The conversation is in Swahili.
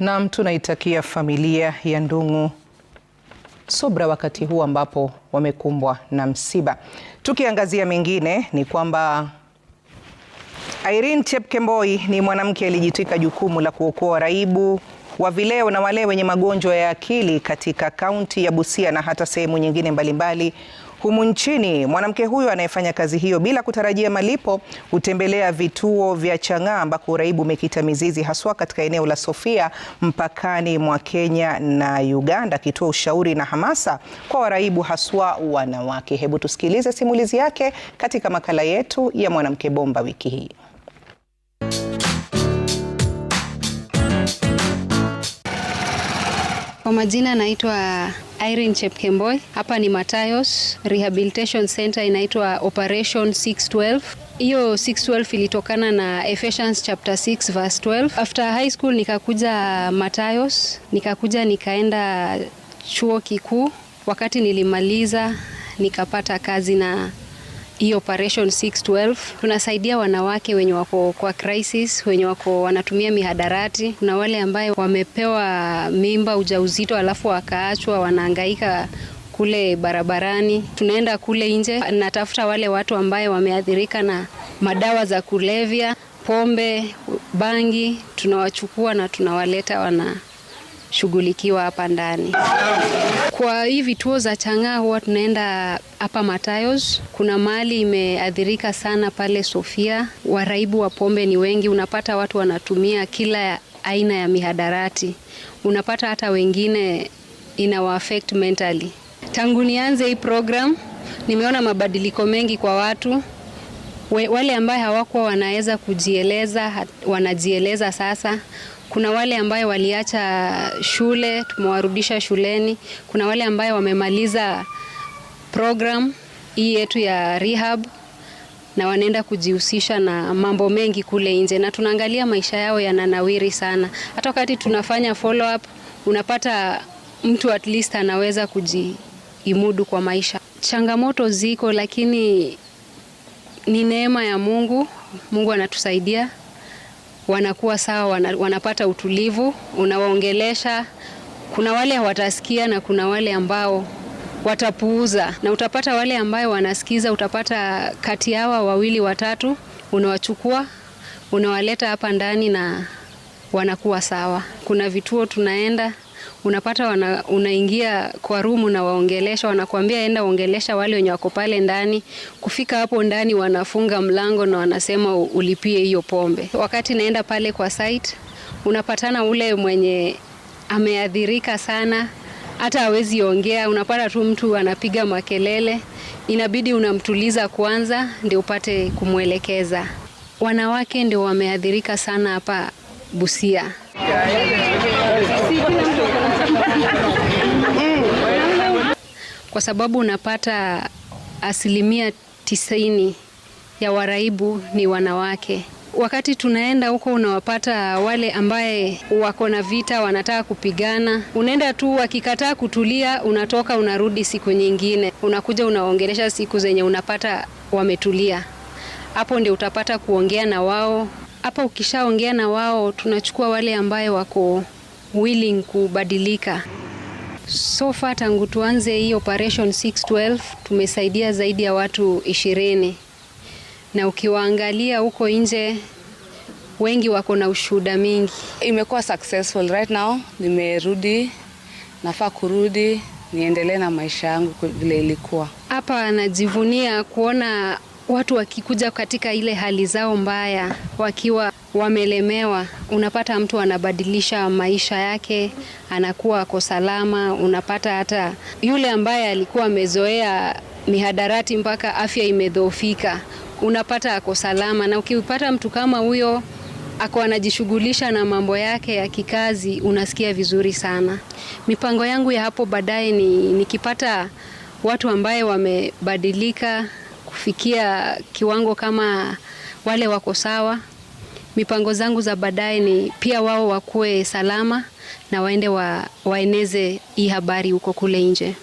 Naam, tunaitakia familia ya Ndung'u sobra wakati huu ambapo wamekumbwa na msiba. Tukiangazia mengine ni kwamba Irene Chepkemboi ni mwanamke aliyejitwika jukumu la kuokoa waraibu wa vileo na wale wenye magonjwa ya akili katika kaunti ya Busia na hata sehemu nyingine mbalimbali mbali, humu nchini. Mwanamke huyo anayefanya kazi hiyo bila kutarajia malipo hutembelea vituo vya chang'aa ambako uraibu umekita mizizi haswa katika eneo la Sofia mpakani mwa Kenya na Uganda, akitoa ushauri na hamasa kwa waraibu haswa wanawake. Hebu tusikilize simulizi yake katika makala yetu ya Mwanamke Bomba wiki hii. Kwa majina naitwa Irene Chepkemboi. Hapa ni Matayos Rehabilitation Center, inaitwa Operation 612. Hiyo 612 ilitokana na Ephesians chapter 6 verse 12. After high school nikakuja Matayos, nikakuja nikaenda chuo kikuu. Wakati nilimaliza nikapata kazi na hii operation 612 tunasaidia wanawake wenye wako kwa crisis, wenye wako wanatumia mihadarati. Kuna wale ambaye wamepewa mimba ujauzito, alafu wakaachwa wanaangaika kule barabarani. Tunaenda kule nje, natafuta wale watu ambaye wameathirika na madawa za kulevya, pombe, bangi, tunawachukua na tunawaleta wana shughulikiwa hapa ndani. Kwa hii vituo za chang'aa huwa tunaenda hapa Matayos. Kuna mali imeathirika sana pale Sofia, waraibu wa pombe ni wengi, unapata watu wanatumia kila aina ya mihadarati, unapata hata wengine inawa affect mentally. Tangu nianze hii program nimeona mabadiliko mengi kwa watu wale ambaye hawakuwa wanaweza kujieleza wanajieleza sasa. Kuna wale ambaye waliacha shule tumewarudisha shuleni. Kuna wale ambaye wamemaliza program hii yetu ya rehab na wanaenda kujihusisha na mambo mengi kule nje, na tunaangalia maisha yao yananawiri sana. Hata wakati tunafanya follow up, unapata mtu at least anaweza kujiimudu kwa maisha. Changamoto ziko, lakini ni neema ya Mungu. Mungu anatusaidia, wanakuwa sawa, wana, wanapata utulivu, unawaongelesha. Kuna wale watasikia na kuna wale ambao watapuuza, na utapata wale ambayo wanasikiza, utapata kati hawa wawili watatu, unawachukua unawaleta hapa ndani na wanakuwa sawa. Kuna vituo tunaenda unapata wana, unaingia kwa rumu na waongelesha, wanakuambia enda ongelesha wale wenye wako pale ndani. Kufika hapo ndani, wanafunga mlango na wanasema ulipie hiyo pombe. Wakati naenda pale kwa site, unapatana ule mwenye ameadhirika sana hata hawezi ongea. Unapata tu mtu anapiga makelele, inabidi unamtuliza kwanza ndio upate kumwelekeza. Wanawake ndio wameadhirika sana hapa Busia. Mm. kwa sababu unapata asilimia tisaini ya waraibu ni wanawake. Wakati tunaenda huko unawapata wale ambaye wako na vita, wanataka kupigana. Unaenda tu, wakikataa kutulia, unatoka unarudi siku nyingine, unakuja unaongelesha siku zenye unapata wametulia. Hapo ndio utapata kuongea na wao. Hapo ukishaongea na wao, tunachukua wale ambaye wako willing kubadilika. So far tangu tuanze hii operation 612 tumesaidia zaidi ya watu ishirini, na ukiwaangalia huko nje wengi wako na ushuhuda mingi. Imekuwa successful right now. Nimerudi, nafaa kurudi niendelee na maisha yangu vile ilikuwa. Hapa anajivunia kuona watu wakikuja katika ile hali zao mbaya wakiwa wamelemewa, unapata mtu anabadilisha maisha yake, anakuwa ako salama. Unapata hata yule ambaye alikuwa amezoea mihadarati mpaka afya imedhoofika, unapata ako salama. Na ukipata mtu kama huyo ako anajishughulisha na mambo yake ya kikazi, unasikia vizuri sana. Mipango yangu ya hapo baadaye ni nikipata watu ambaye wamebadilika kufikia kiwango kama wale wako sawa mipango zangu za baadaye ni pia wao wakuwe salama na waende wa, waeneze hii habari huko kule nje.